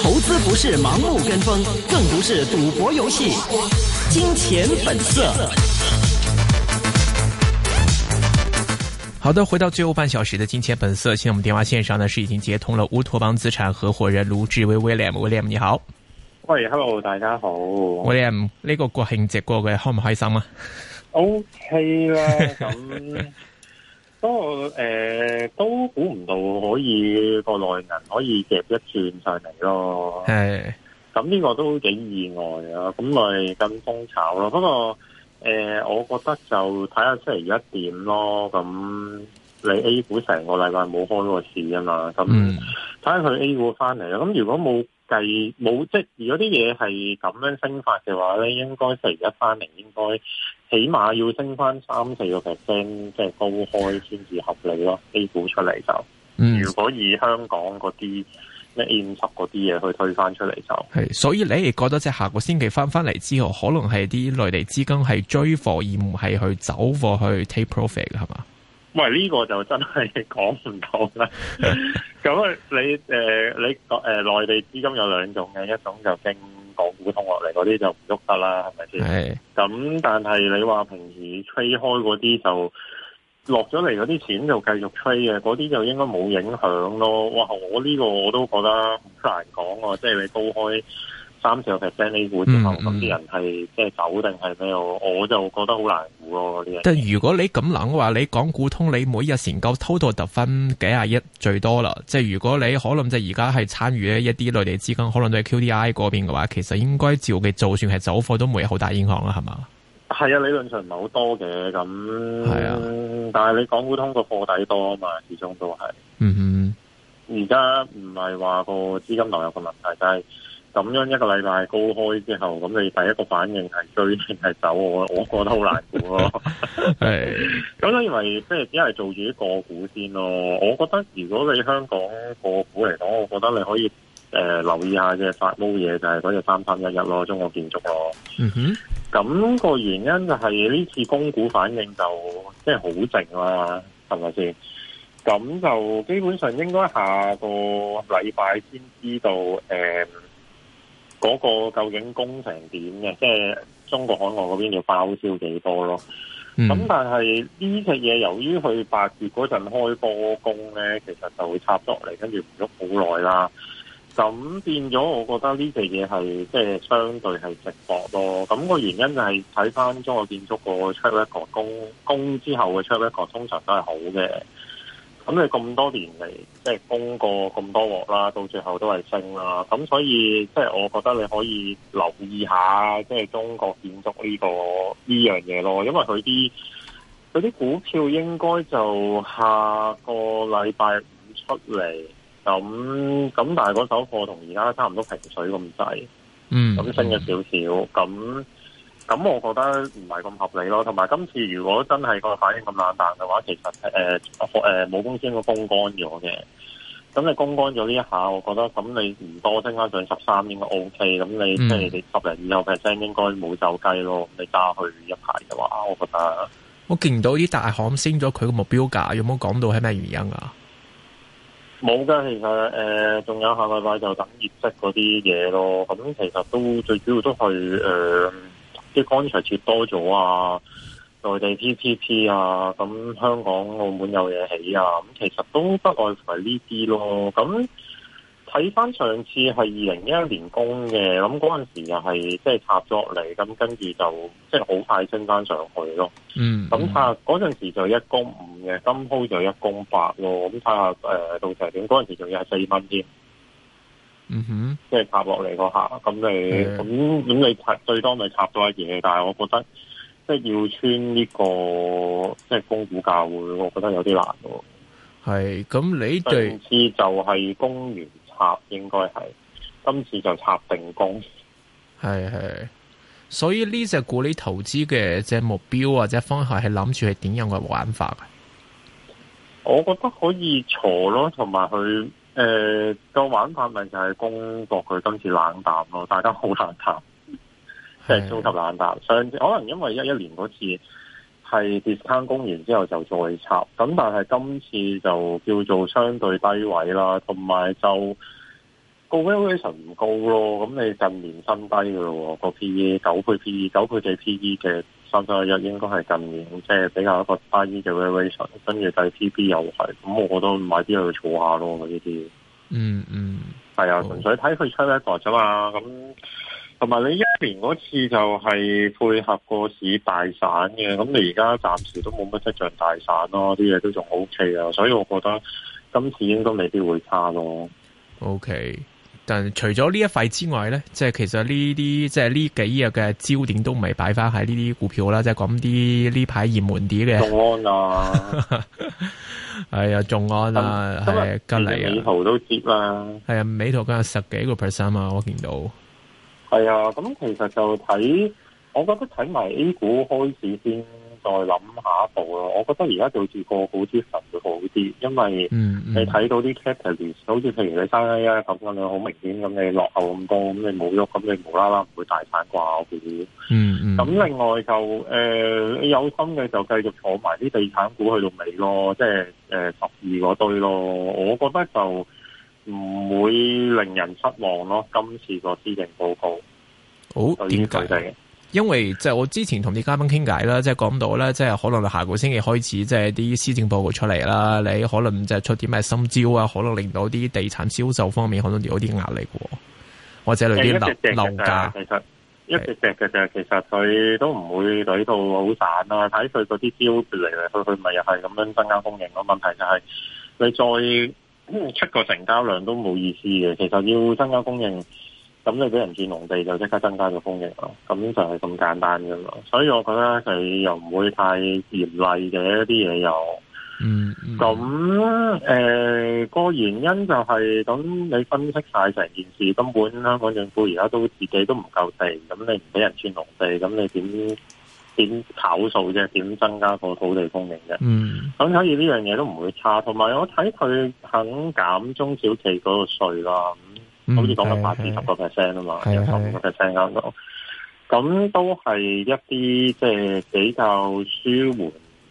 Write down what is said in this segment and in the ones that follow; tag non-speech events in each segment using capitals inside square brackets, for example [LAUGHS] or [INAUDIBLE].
投資不是盲目跟風，更不是賭博遊戲。金錢本色。好的，回到最後半小時的金錢本色。現在我們電話線上呢是已經接通了烏托邦資產合伙人盧志威 William，William 你好。喂，Hello，大家好。William 呢個國慶節過嘅開唔開心啊？OK 啦，咁。不過誒，都估唔到可以個內銀可以夾一轉晒嚟咯。係的，咁呢個都幾意外啊！咁咪跟風炒咯。不過誒、呃，我覺得就睇下出嚟而家點咯。咁你 A 股成個禮拜冇開過市啊嘛？咁睇下佢 A 股翻嚟啦。咁如果冇。計冇即係，如果啲嘢係咁樣升法嘅話咧，應該成一翻嚟，應該起碼要升翻三四個 percent，即係高開先至合理咯。A 股出嚟就，嗯、如果以香港嗰啲咩 A50 嗰啲嘢去推翻出嚟就係，所以你亦覺得即係下個星期翻翻嚟之後，可能係啲內地資金係追貨而唔係去走貨去 take profit 係嘛？唔係呢個就真係講唔到啦。咁 [LAUGHS] 啊、呃，你誒你誒內地資金有兩種嘅，一種就經港股通落嚟嗰啲就唔喐得啦，係咪先？咁是但係你話平時吹開嗰啲就落咗嚟嗰啲錢就繼續吹嘅，嗰啲就應該冇影響咯。哇！我呢個我都覺得好難講啊，即、就、係、是、你高開。三十 percent 呢股之後，咁啲、嗯嗯、人係即係走定係咩？我我就覺得好難估咯啲嘢。但係如果你咁諗嘅話，你港股通你每日成交 total 就分幾廿億最多啦。即係如果你可能即係而家係參與一啲內地資金，可能都係 QDII 嗰邊嘅話，其實應該照嘅，就算係走貨都冇好大影響啦，係嘛？係啊，理論上唔係好多嘅，咁係啊。但係你港股通個貨底多啊嘛，始終都係。嗯哼，而家唔係話個資金流入個問題，但係。咁樣一個禮拜高開之後，咁你第一個反應係追，面係走我，我覺得好難估咯、啊。係， [LAUGHS] [LAUGHS] 咁我認為即係只係做住啲個股先咯。我覺得如果你香港個股嚟講，我覺得你可以誒、呃、留意下嘅發毛嘢就係嗰隻三三一一咯，中國建築咯。嗯哼、mm，咁、hmm. 個原因就係、是、呢次供股反應就即係好靜啦，係咪先？咁就基本上應該下個禮拜先知道誒。呃嗰個究竟工程點嘅？即係中國海外嗰邊要包銷幾多咯？咁但係呢隻嘢由於去八月嗰陣開波工咧，其實就會插咗落嚟，跟住唔喐好耐啦。咁變咗，我覺得呢隻嘢係即係相對係直播咯。咁、那個原因就係睇翻中國建築個 track record 工工之後嘅 track record 通常都係好嘅。咁你咁多年嚟，即係供過咁多鑊啦，到最後都係升啦。咁所以即係我覺得你可以留意下，即係中國建築呢、呢個呢樣嘢咯，因為佢啲佢啲股票應該就下個禮拜五出嚟。咁咁但係嗰手貨同而家差唔多平水咁滯，嗯，嗯，咁升咗少少咁。咁我覺得唔係咁合理咯，同埋今次如果真係個反應咁冷淡嘅話，其實誒誒冇公司應該封乾咗嘅。咁你封乾咗呢一下，我覺得咁你唔多升翻上十三應該 O、OK, K。咁、嗯、你即係十零以後 percent 應該冇走雞咯。你加去一排嘅話，我覺得我見到啲大行升咗佢個目標價，有冇講到係咩原因啊？冇㗎，其實誒仲、呃、有下個禮拜就等業績嗰啲嘢咯。咁、嗯、其實都最主要都係誒。呃啲鋼材跌多咗啊，內地 PPP 啊，咁香港澳門有嘢起啊，咁其實都不外乎係呢啲咯。咁睇翻上次係二零一一年供嘅，咁嗰陣時又係即係插咗落嚟，咁跟住就即係好快升翻上去咯。嗯，咁睇下嗰陣時就一公五嘅，今鋪就一公八咯。咁睇下誒到成點，嗰陣時仲要係四蚊添。嗯哼，即係插落嚟嗰下，咁你咁咁的你插最多咪插多一嘢？但係我覺得，即係要穿呢個即係攻股價會，我覺得有啲難咯。係你，咁你上次就係攻完插，應該係今次就插定攻。係係，所以呢隻股你投資嘅只目標或者方向係諗住係點樣嘅玩法？我覺得可以坐咯，同埋佢。誒個、呃、玩法咪就係公博佢今次冷淡咯，大家好冷淡，即係的超級冷淡。上次可能因為一一年嗰次係 discount 供完之後就再插，咁但係今次就叫做相對低位啦，同埋就個 valuation 唔高咯。咁你近年新低嘅咯，個 P E 九倍 P E 九倍嘅 P E 嘅。三十日一應該係近年即係比較一個差啲嘅 valuation 跟住第二 TP 又係，咁我都買啲去坐下咯。呢啲嗯嗯，係、嗯、啊，純粹睇佢出一個啫嘛。咁同埋你一年嗰次就係配合個市大散嘅，咁你而家暫時都冇乜跡象大散咯，啲嘢都仲 O K 啊，所以我覺得今次應該未必會差咯。O [NOISE] K。 [NOISE] okay. 但除咗呢一塊之外咧，即係其實呢啲即係呢幾日嘅焦點都唔係擺翻喺呢啲股票啦，即係講啲呢排熱門啲嘅眾安啊，係啊眾安啊，係吉利啊，係美圖都跌啦，係啊美圖有十幾個 percent 啊，我見到。係啊，咁其實就睇，我覺得睇埋 A 股開始先。再諗下一步咯，我覺得而家就好似個股質份會好啲，因為你睇到啲 catalyst 好似譬如你生 A 啊，咁樣樣好明顯咁，你落後咁多，咁你冇喐，咁你無啦啦唔會大反啩，我估。咁、嗯嗯、另外就誒、呃、有心嘅就繼續坐埋啲地產股去到尾咯，即係誒十二嗰堆咯。我覺得就唔會令人失望咯，今次個施政報告好點解？哦以因為即係我之前同啲嘉賓傾偈啦，即係講到咧，即係可能下個星期開始，即係啲施政報告出嚟啦，你可能即係出啲咩新招啊，可能令到啲地產銷售方面可能有啲壓力嘅，或者嚟啲樓樓價席席，其實是一跌跌嘅就其實佢都唔會對到好散啊，睇佢嗰啲招嚟嚟去去，咪又係咁樣增加供應。個問題就係、是、你再出個成交量都冇意思嘅，其實要增加供應。咁你俾人轉農地就即刻增加咗供應咯，咁就係咁簡單㗎喇。所以我覺得佢又唔會太嚴厲嘅啲嘢又，嗯，咁誒、呃、個原因就係、是，咁你分析晒成件事，根本香港政府而家都自己都唔夠地，咁你唔俾人轉農地，咁你點點跑數啫？點增加個土地供應啫？嗯，咁所以呢樣嘢都唔會差。同埋我睇佢肯減中小企嗰個稅啦。好似講緊百分之十個 percent 啊嘛，有十五個 percent 啱唔啱？咁都係一啲即係比較舒緩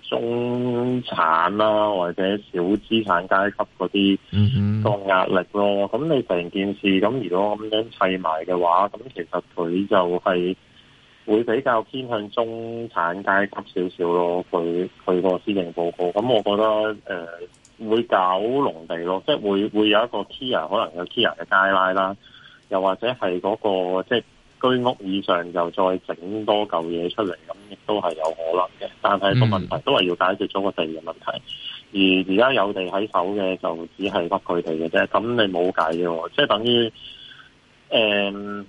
中產啦，或者小資產階級嗰啲個壓力咯。咁、嗯嗯、你成件事咁，如果咁樣砌埋嘅話，咁其實佢就係會比較偏向中產階級少少咯。佢佢個施政報告，咁我覺得誒。呃會搞農地咯，即係會會有一個 area，、er, 可能有 area 嘅街拉啦，又或者係嗰、那個即係居屋以上，就再整多嚿嘢出嚟，咁亦都係有可能嘅。但係個問題都係要解決咗個地嘅問題，而而家有地喺手嘅就只係屈佢哋嘅啫，咁你冇計嘅，即係等於誒。嗯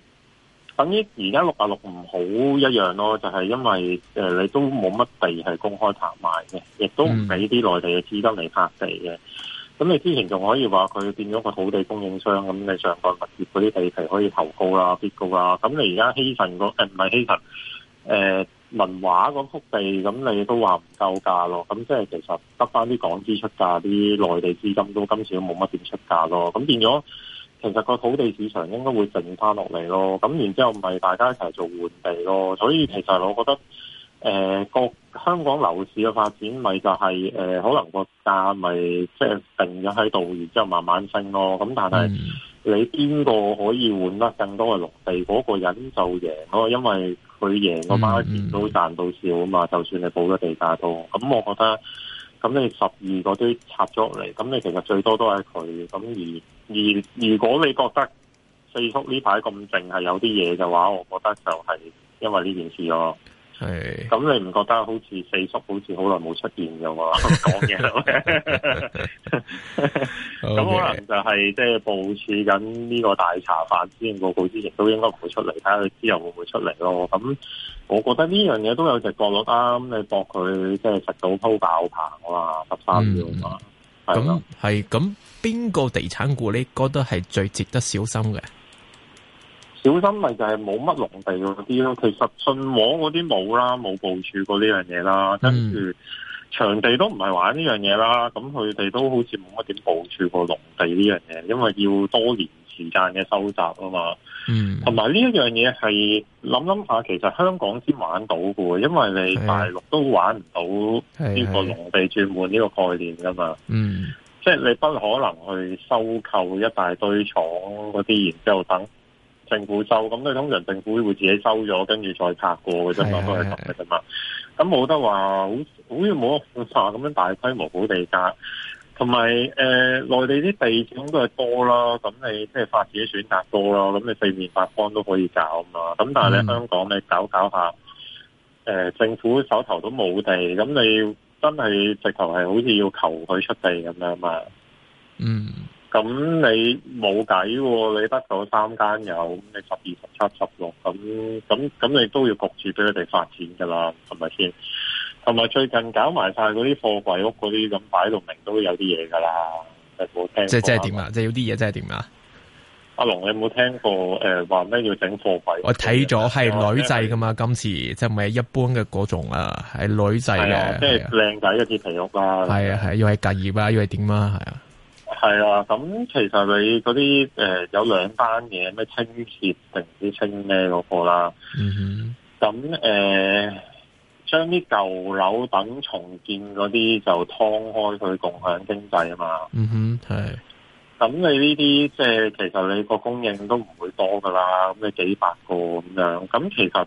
等於而家六啊六唔好一樣咯，就係、是、因為誒、呃、你都冇乜地係公開拍賣嘅，亦都唔俾啲內地嘅資金嚟拍地嘅。咁你之前仲可以話佢變咗個土地供應商，咁你上蓋物業嗰啲地皮可以投高啦、必高啦。咁你而家希慎嗰唔係希慎誒文華嗰幅地，咁你都話唔夠價咯。咁即係其實得返啲港資出價，啲內地資金都今次都冇乜點出價咯。咁變咗。其實個土地市場應該會靜翻落嚟咯，咁然之後咪大家一齊做換地咯，所以其實我覺得，誒、呃，個香港樓市嘅發展咪就係、是，誒、呃，可能個價咪即係定咗喺度，然之後慢慢升咯，咁但係你邊個可以換得更多嘅農地，嗰、那個人就贏咯，因為佢贏個包錢都賺到少啊嘛，就算你補咗地價都，咁我覺得。咁你十二個都拆咗落嚟，咁你其實最多都係佢，咁而而如果你覺得四叔呢排咁靜係有啲嘢嘅話，我覺得就係因為呢件事咯。係咁，是你唔覺得好似四叔好似好耐冇出現嘅話講嘢？咁可能就係即係部署緊呢個大茶飯，之前報告之前都應該會出嚟，睇下佢之後會唔會出嚟咯。咁我覺得呢樣嘢都有直覺率，啱你博佢即係實到鋪爆棚啊，嘛，十三秒啊，係咯的，係咁邊個地產股你覺得係最值得小心嘅？小心咪就係冇乜農地嗰啲咯，其實信和嗰啲冇啦，冇部署過呢樣嘢啦，跟住、嗯、場地都唔係玩呢樣嘢啦，咁佢哋都好似冇乜點部署過農地呢樣嘢，因為要多年時間嘅收集啊嘛，嗯，同埋呢一樣嘢係諗諗下，其實香港先玩到嘅，因為你大陸都玩唔到呢個農地轉換呢個概念噶嘛，嗯，即係你不可能去收購一大堆廠嗰啲，然之後等。政府收咁，你通常政府會自己收咗，跟住再拍過嘅啫嘛，都係咁嘅嘛。咁冇得話好似冇咁炸咁樣大規模補地價。同埋誒，內、呃、地啲地點都係多啦，咁、嗯、你即係發展嘅選擇多啦，咁、嗯、你四面八方都可以搞嘛。咁但係你香港，你搞搞下誒、呃，政府手頭都冇地，咁你真係直頭係好似要求佢出地咁樣嘛？嗯。咁你冇計喎，你得嗰三間有，你十二、十七、十六，咁咁咁你都要焗住俾佢哋發展噶啦，係咪先？同埋最近搞埋晒嗰啲貨櫃屋嗰啲咁擺到明都有啲嘢噶啦，即係冇聽。就是、即係即係點啊？即係有啲嘢，即係點啊？阿龍，你有冇聽過誒話咩要整貨櫃？呃、貨屋我睇咗係女仔噶嘛，今次即係唔係一般嘅嗰種啊，係女仔啊，啊啊即係靚仔嘅啲鐵皮屋啦，係啊係，要係隔業啊，要係點啊，係啊。係啊，咁其實你嗰啲誒有兩單嘢，咩清潔定唔知清咩嗰個啦。嗯哼，咁誒將啲舊樓等重建嗰啲就劏開佢共享經濟啊嘛。嗯哼，係。咁你呢啲即係其實你個供應都唔會多噶啦，咁你幾百個咁樣，咁其實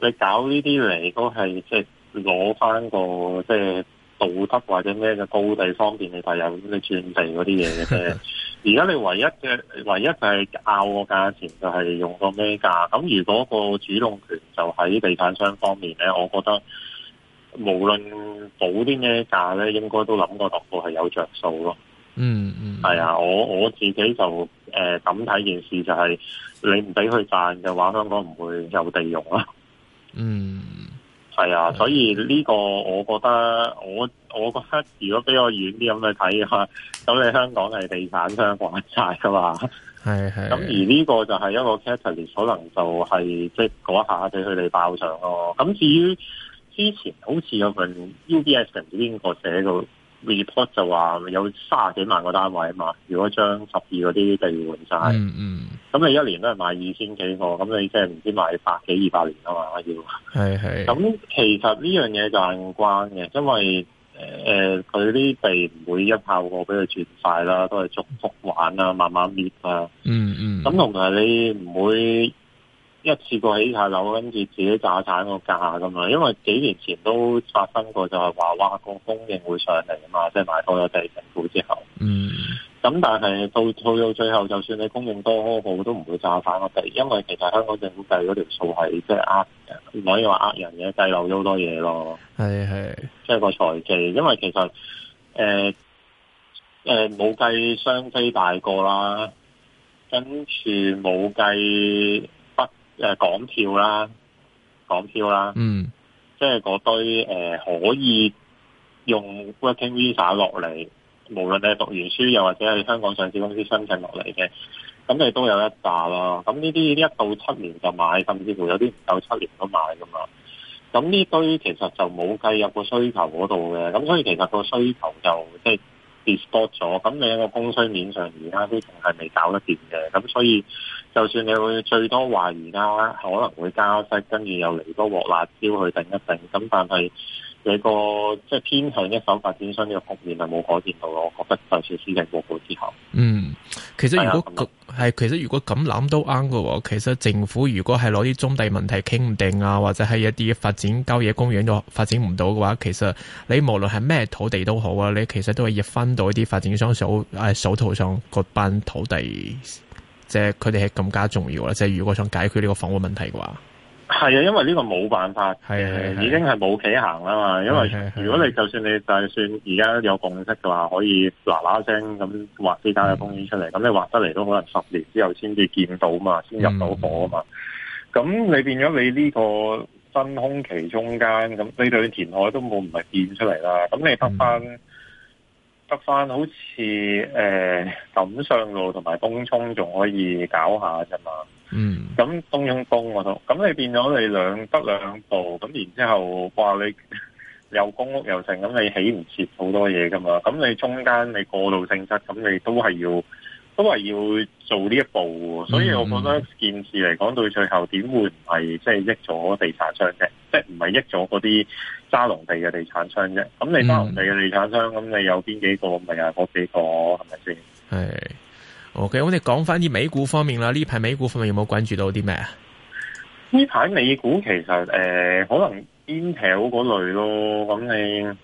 你搞呢啲嚟都係即係攞翻個即係。道德或者咩嘅高地方面，你哋有咁嘅轉地嗰啲嘢嘅啫。而家你唯一嘅唯一就係拗個價錢，就係用個咩價。咁如果個主動權就喺地產商方面咧，我覺得無論補啲咩價咧，應該都諗過度，都係有着數咯。嗯嗯，係啊，我我自己就誒咁睇件事就係、是、你唔俾佢賺嘅話，香港唔會有地用啊。嗯。係啊，所以呢個我覺得，我我覺得如果比較遠啲咁去睇下，咁你香港係地產商話晒噶嘛，係係對。咁而呢個就係一個 category，可能就係、是、即係嗰下俾佢哋爆上咯。咁至於之前好似有份 UBS 曾經邊個寫到。Report 就話有卅幾萬個單位啊嘛，如果將十二嗰啲地換晒，咁、mm hmm. 你一年都係賣二千幾個，咁你即係唔知賣百幾二百年啊嘛，我要係係。咁、 [LAUGHS] mm hmm. 其實呢樣嘢就係關嘅，因為誒佢啲地唔會一炮過俾佢轉晒啦，都係逐幅玩啊，慢慢搣啊。嗯嗯、mm。咁同埋你唔會。一次過起下樓，跟住自己炸產個價咁樣。因為幾年前都發生過就，就係話哇個供應會上嚟啊嘛，即係買多咗地政府之後。嗯。咁但係到到到最後，就算你供應多好多，都唔會炸翻個地，因為其實香港政府計嗰條數係即係呃人，唔可以話呃人嘅計漏咗好多嘢咯。係係，是，即係個財技，因為其實誒誒冇計雙非大個啦，跟住冇計。誒港票啦，港票啦，嗯，即係嗰堆誒、呃、可以用 working visa 落嚟，無論你係讀完書又或者係香港上市公司申請落嚟嘅，咁你都有一紮咯。咁呢啲一到七年就買，甚至乎有啲唔夠七年都買噶嘛。咁呢堆其實就冇計入個需求嗰度嘅，咁所以其實個需求就即係跌多咗。咁你喺個供需面上，而家都仲係未搞得掂嘅，咁所以。就算你會最多話而家可能會加息，跟住又嚟多鑊辣椒去頂一頂，咁但係你個即係偏向一手發展商嘅局面係冇改變到咯。我覺得就算是施政報告之後，嗯，其實如果係、哎、呀其實如果咁諗都啱噶，其實政府如果係攞啲棕地問題傾唔定啊，或者係一啲發展郊野公園都發展唔到嘅話，其實你無論係咩土地都好啊，你其實都係一分到一啲發展商手誒手頭上嗰班土地。即係佢哋係更加重要啦！即係如果想解決呢個房屋問題嘅話，係啊，因為呢個冇辦法，係啊，已經係冇企行啦嘛。因為如果你就算你就算而家有共識嘅話，可以嗱嗱聲咁畫啲家嘅公園出嚟，咁、嗯、你畫得嚟都可能十年之後先至見到嘛，先入到火啊嘛。咁、嗯、你變咗你呢個真空期中間，咁你對填海都冇唔係見出嚟啦。咁你得翻、嗯。得翻好似誒錦上路同埋東涌仲可以搞下啫嘛。嗯、mm.，咁東涌東我都，咁你變咗你兩得兩度。咁然之後，哇你又公屋又剩，咁你起唔切好多嘢噶嘛，咁你中間你過渡性質，咁你都係要。都係要做呢一步，嗯、所以我覺得件事嚟講，到、嗯、最後點會唔係即係益咗地產商嘅，即係唔係益咗嗰啲揸農地嘅地產商啫。咁你揸農地嘅地產商，咁、嗯、你有邊幾個咪係嗰幾個，係咪先？係。O、okay, K，我哋講翻啲美股方面啦。呢排美股方面有冇關注到啲咩啊？呢排美股其實誒、呃，可能 Intel 嗰類咯。咁你誒。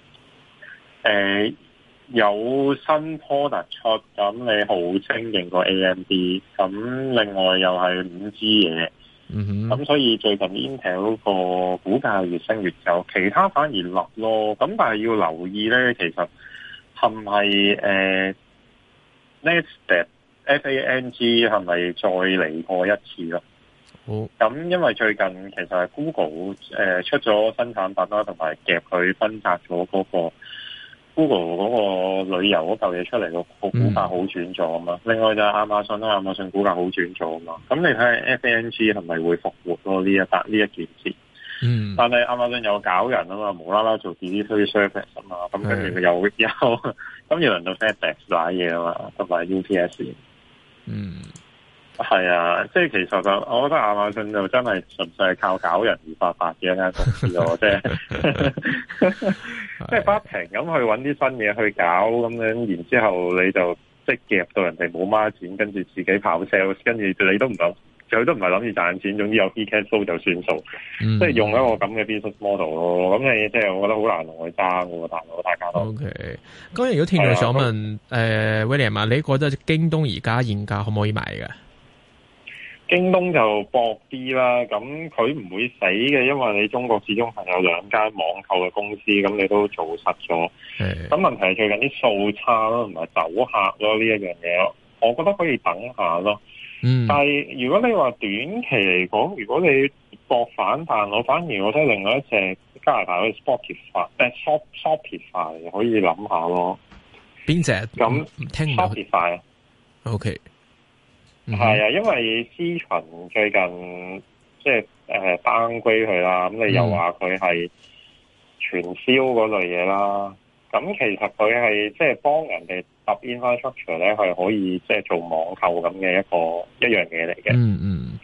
呃有新 product 出，咁你好清認個 AMD，咁另外又係五支嘢，咁、mm hmm. 所以最近 Intel 個股價越升越走，其他反而落咯。咁但係要留意咧，其實係咪誒 Next Step FANG 係咪再嚟過一次咯？好，咁因為最近其實係 Google 誒、呃、出咗新產品啦，同埋夾佢分拆咗嗰、那個。Google 嗰個旅遊嗰嚿嘢出嚟，個股價好轉咗啊嘛，另外就亞馬遜啊，亞馬遜股價好轉咗啊嘛，咁你睇下 FNG 係咪會復活咯？呢一筆呢一件事，嗯，但係亞馬遜有搞人啊嘛，無啦啦做電子推 service 啊是 [LAUGHS] 嘛，咁跟住佢又有，咁要輪到 FedEx 買嘢啊嘛，同埋 UPS，嗯，係啊，即係其實就是、我覺得亞馬遜就真係純粹係靠搞人而發達嘅一間公司咯，我知咯，即係。 [NOISE] 即係不停咁去揾啲新嘢去搞咁樣，然之後你就即係夾到人哋冇孖錢，跟住自己跑 sale 跟住你都唔諗，佢都唔係諗住賺錢，總之有 discount 就算數，嗯、即係用一個咁嘅 business model 咯。咁你即係我覺得好難同佢爭喎，大佬大家都 OK。今日有聽眾想問，誒 William 啊， [NOISE] 呃、William，你覺得京東而家現價可唔可以買嘅？京東就搏啲啦，咁佢唔會死嘅，因為你中國始終係有兩間網購嘅公司，咁你都做實咗。咁問題係最近啲數差咯，同埋走客咯呢一樣嘢，我覺得可以等下咯。嗯，但係如果你話短期嚟講，如果你搏反彈，我反而我睇另外一隻加拿大嘅 Shopify 誒 Shop Shopify 可以諗下咯。邊隻咁？Shopify OK。係啊、mm hmm.，因為思群最近即係誒、呃、單歸佢、mm hmm. 啦，咁你又話佢係傳銷嗰類嘢啦，咁其實佢係即係幫人哋搭 infrastructure 咧，係可以即係做網購咁嘅一個一樣嘢嚟嘅。嗯嗯、mm。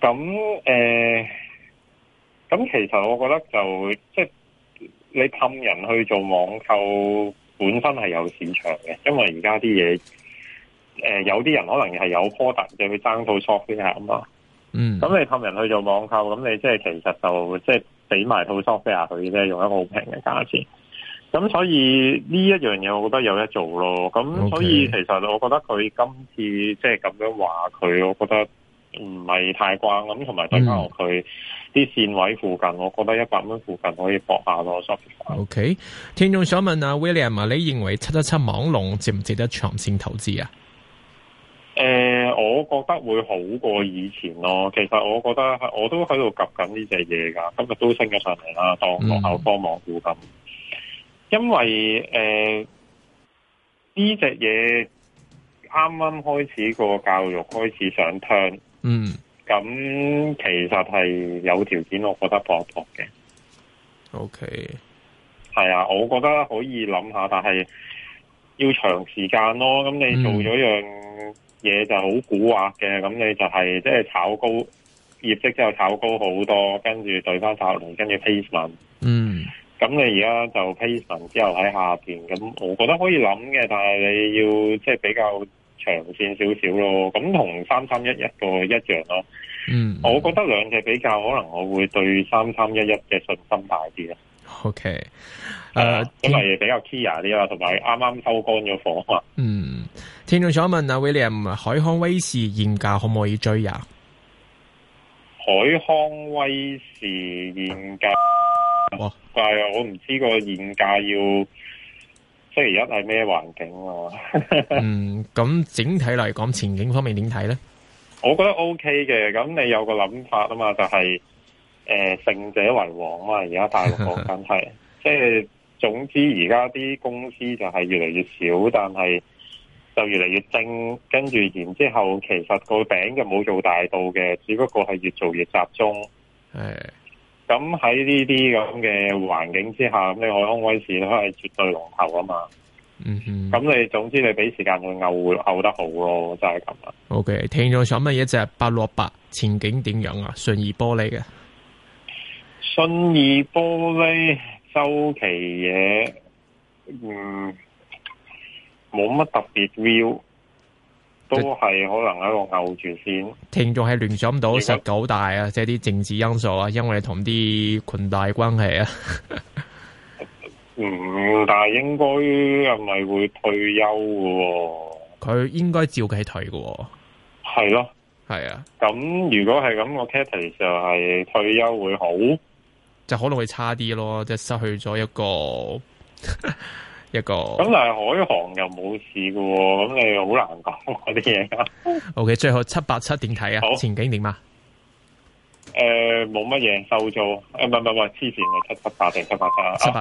咁、hmm. 誒，咁、呃、其實我覺得就即係你氹人去做網購，本身係有市場嘅，因為而家啲嘢。誒、呃，有啲人可能係有 product 嘅，佢爭套 shop 啲飛下咁咯。嗯，咁你氹人去做網購，咁你即係其實就即係俾埋套 shop 下佢咧，用一個好平嘅價錢。咁所以呢一樣嘢，我覺得有得做咯。咁所以 Okay. 其實我覺得佢今次即係咁樣話佢，我覺得唔係太關咁。同埋再加落佢啲線位附近，嗯、我覺得一百蚊附近可以搏下咯。OK，聽眾想問啊 William 啊，你認為七七七網龍值唔值得長線投資啊？誒、呃，我覺得會好過以前咯。其實我覺得我都喺度及緊呢隻嘢噶，今日都升咗上嚟啦。當落口科忙，基金、嗯，因為誒呢隻嘢啱啱開始個教育開始上聽，嗯，咁、嗯、其實係有條件，我覺得搏一搏嘅。O K，係啊，我覺得可以諗下，但係要長時間咯。咁你做咗樣，嗯嘢就好古惑嘅，咁你就係即係炒高業績之後炒高好多，跟住對翻十年，跟住 placement。嗯，咁你而家就 placement 之後喺下邊，咁我覺得可以諗嘅，但係你要即係、就是、比較長線少少咯。咁同三三一一個一樣咯、啊。嗯，我覺得兩隻比較，可能我會對三三一一嘅信心大啲啊。O K，誒，咁係 Okay .、uh, 比較 clear 啲啊天，同埋啱啱收乾咗火啊。嗯，聽眾想問啊，William，海康威視現價可唔可以追呀、啊？海康威視現價，哦、但係我唔知個現價要，星期一家係咩環境啊？ [LAUGHS] 嗯，咁整體嚟講前景方面點睇咧？我覺得 O K 嘅，咁你有個諗法啊嘛，就係、是。誒、呃，勝者為王啊！而家大陸講緊係，即係總之而家啲公司就係越嚟越少，但係就越嚟越精。跟住然之後，其實個餅就冇做大到嘅，只不過係越做越集中。係咁喺呢啲咁嘅環境之下，咁你海康威視都係絕對龍頭啊嘛。嗯嗯，咁你總之你俾時間佢拗會得好咯，真 okay, 就係咁啦。O K，聽咗想乜嘢？就係八六八前景點樣啊？順義玻璃嘅。信義玻璃，周期嘢，嗯，冇乜特別 view 都係可能喺度牛住先。聽眾係聯想不到十九大啊，即係啲政治因素啊，因為同啲裙帶關係啊。 [LAUGHS] 嗯，但係應該係咪會退休噶佢應該照計退噶係咯，係啊。咁如果係咁，我 Kathy 就係退休會好。就可能會差啲咯，即係失去咗一個一個。咁 [LAUGHS] 個但係海航又冇事噶、哦，咁你又好難講啲嘢噶。 [LAUGHS] OK，最後七八七點睇啊，前景點啊？誒，冇乜嘢收租，唔係唔係唔係之前係七七八定七八八，七八。